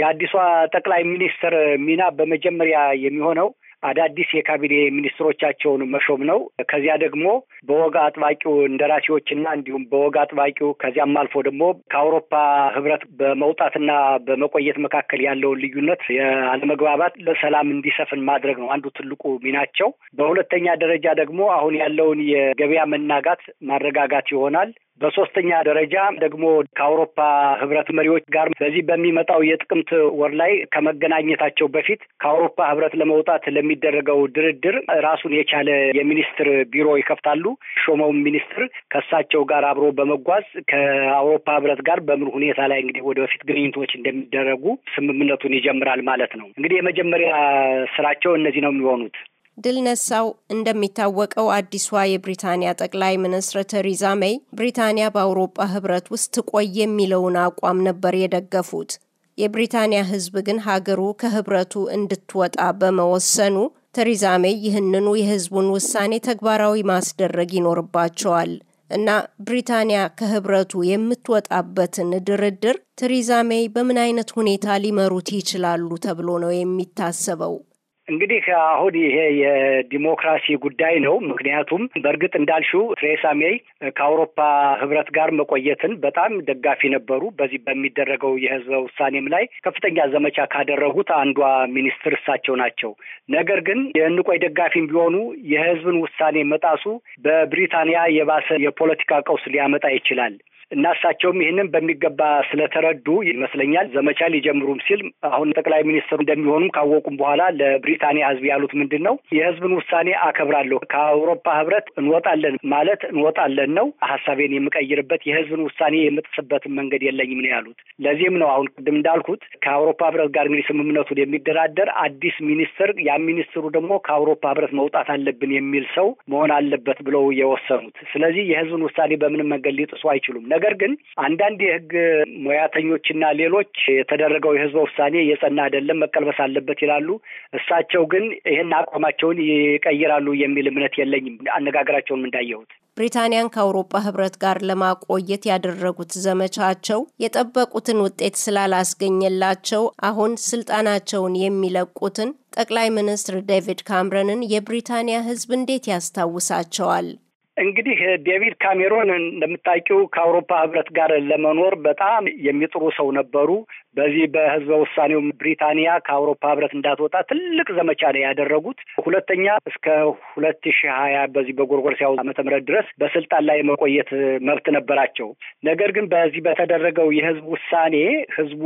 የአዲሷ ጠቅላይ ሚኒስትር ሚና በመጀመሪያ የሚሆነው አዳዲስ የካቢኔ ሚኒስትሮቻቸውን መሾም ነው። ከዚያ ደግሞ በወግ አጥባቂው እንደራሴዎችና እንዲሁም በወግ አጥባቂው ከዚያም አልፎ ደግሞ ከአውሮፓ ሕብረት በመውጣትና በመቆየት መካከል ያለውን ልዩነት የአለመግባባት ለሰላም እንዲሰፍን ማድረግ ነው አንዱ ትልቁ ሚናቸው። በሁለተኛ ደረጃ ደግሞ አሁን ያለውን የገበያ መናጋት ማረጋጋት ይሆናል። በሶስተኛ ደረጃ ደግሞ ከአውሮፓ ህብረት መሪዎች ጋር በዚህ በሚመጣው የጥቅምት ወር ላይ ከመገናኘታቸው በፊት ከአውሮፓ ህብረት ለመውጣት ለሚደረገው ድርድር ራሱን የቻለ የሚኒስትር ቢሮ ይከፍታሉ። ሾመውን ሚኒስትር ከእሳቸው ጋር አብሮ በመጓዝ ከአውሮፓ ህብረት ጋር በምን ሁኔታ ላይ እንግዲህ ወደ በፊት ግንኙነቶች እንደሚደረጉ ስምምነቱን ይጀምራል ማለት ነው። እንግዲህ የመጀመሪያ ስራቸው እነዚህ ነው የሚሆኑት። ድል ነሳው። እንደሚታወቀው አዲሷ የብሪታንያ ጠቅላይ ሚኒስትር ቴሪዛ ሜይ ብሪታንያ በአውሮፓ ህብረት ውስጥ ትቆይ የሚለውን አቋም ነበር የደገፉት። የብሪታንያ ህዝብ ግን ሀገሩ ከህብረቱ እንድትወጣ በመወሰኑ ቴሪዛ ሜይ ይህንኑ የህዝቡን ውሳኔ ተግባራዊ ማስደረግ ይኖርባቸዋል እና ብሪታንያ ከህብረቱ የምትወጣበትን ድርድር ቴሪዛ ሜይ በምን አይነት ሁኔታ ሊመሩት ይችላሉ ተብሎ ነው የሚታሰበው። እንግዲህ አሁን ይሄ የዲሞክራሲ ጉዳይ ነው። ምክንያቱም በእርግጥ እንዳልሽው ቴሬሳ ሜይ ከአውሮፓ ህብረት ጋር መቆየትን በጣም ደጋፊ ነበሩ። በዚህ በሚደረገው የህዝበ ውሳኔም ላይ ከፍተኛ ዘመቻ ካደረጉት አንዷ ሚኒስትር እሳቸው ናቸው። ነገር ግን የንቆይ ደጋፊም ቢሆኑ የህዝብን ውሳኔ መጣሱ በብሪታንያ የባሰ የፖለቲካ ቀውስ ሊያመጣ ይችላል እና እሳቸውም ይህንን በሚገባ ስለተረዱ ይመስለኛል ዘመቻ ሊጀምሩም ሲል አሁን ጠቅላይ ሚኒስትሩ እንደሚሆኑም ካወቁም በኋላ ለብሪታንያ ህዝብ ያሉት ምንድን ነው? የህዝብን ውሳኔ አከብራለሁ። ከአውሮፓ ህብረት እንወጣለን ማለት እንወጣለን ነው። ሀሳቤን የምቀይርበት የህዝብን ውሳኔ የምጥስበትን መንገድ የለኝም ነው ያሉት። ለዚህም ነው አሁን ቅድም እንዳልኩት ከአውሮፓ ህብረት ጋር እንግዲህ ስምምነቱን የሚደራደር አዲስ ሚኒስትር፣ ያ ሚኒስትሩ ደግሞ ከአውሮፓ ህብረት መውጣት አለብን የሚል ሰው መሆን አለበት ብለው የወሰኑት። ስለዚህ የህዝብን ውሳኔ በምንም መንገድ ሊጥሱ አይችሉም። ነገር ግን አንዳንድ የህግ ሙያተኞችና ሌሎች የተደረገው የህዝበ ውሳኔ የጸና አይደለም፣ መቀልበስ አለበት ይላሉ። እሳቸው ግን ይህን አቋማቸውን ይቀይራሉ የሚል እምነት የለኝም። አነጋገራቸውንም እንዳየሁት ብሪታንያን ከአውሮፓ ህብረት ጋር ለማቆየት ያደረጉት ዘመቻቸው የጠበቁትን ውጤት ስላላስገኘላቸው አሁን ስልጣናቸውን የሚለቁትን ጠቅላይ ሚኒስትር ዴቪድ ካምረንን የብሪታንያ ህዝብ እንዴት ያስታውሳቸዋል? እንግዲህ ዴቪድ ካሜሮን እንደምታውቂው ከአውሮፓ ህብረት ጋር ለመኖር በጣም የሚጥሩ ሰው ነበሩ። በዚህ በህዝበ ውሳኔው ብሪታንያ ከአውሮፓ ህብረት እንዳትወጣ ትልቅ ዘመቻ ነው ያደረጉት። ሁለተኛ እስከ ሁለት ሺህ ሀያ በዚህ በጎርጎርሲያው ዓመተ ምህረት ድረስ በስልጣን ላይ የመቆየት መብት ነበራቸው። ነገር ግን በዚህ በተደረገው የህዝብ ውሳኔ ህዝቡ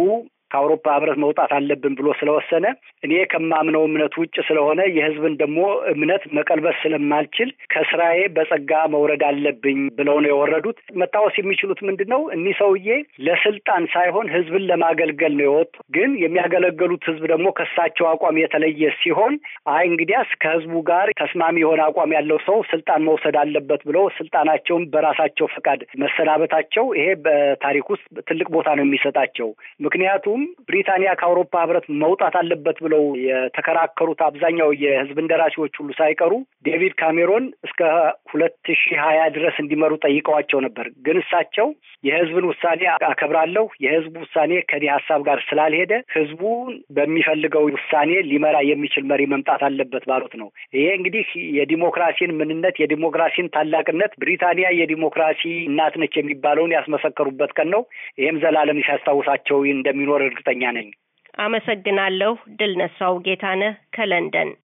ከአውሮፓ ህብረት መውጣት አለብን ብሎ ስለወሰነ እኔ ከማምነው እምነት ውጭ ስለሆነ የህዝብን ደግሞ እምነት መቀልበስ ስለማልችል ከስራዬ በጸጋ መውረድ አለብኝ ብለው ነው የወረዱት። መታወስ የሚችሉት ምንድን ነው? እኒህ ሰውዬ ለስልጣን ሳይሆን ህዝብን ለማገልገል ነው የወጡ። ግን የሚያገለገሉት ህዝብ ደግሞ ከሳቸው አቋም የተለየ ሲሆን አይ እንግዲያስ ከህዝቡ ጋር ተስማሚ የሆነ አቋም ያለው ሰው ስልጣን መውሰድ አለበት ብለው ስልጣናቸውን በራሳቸው ፈቃድ መሰናበታቸው ይሄ በታሪክ ውስጥ ትልቅ ቦታ ነው የሚሰጣቸው። ምክንያቱም ብሪታንያ ከአውሮፓ ህብረት መውጣት አለበት ብለው የተከራከሩት አብዛኛው የህዝብ እንደራሴዎች ሁሉ ሳይቀሩ ዴቪድ ካሜሮን እስከ ሁለት ሺህ ሀያ ድረስ እንዲመሩ ጠይቀዋቸው ነበር። ግን እሳቸው የህዝብን ውሳኔ አከብራለሁ፣ የህዝቡ ውሳኔ ከኔ ሀሳብ ጋር ስላልሄደ ህዝቡን በሚፈልገው ውሳኔ ሊመራ የሚችል መሪ መምጣት አለበት ባሉት ነው። ይሄ እንግዲህ የዲሞክራሲን ምንነት የዲሞክራሲን ታላቅነት ብሪታንያ የዲሞክራሲ እናት ነች የሚባለውን ያስመሰከሩበት ቀን ነው። ይህም ዘላለም ሲያስታውሳቸው እንደሚኖር እርግጠኛ ነኝ። አመሰግናለሁ። ድል ነሳው ጌታነህ ከለንደን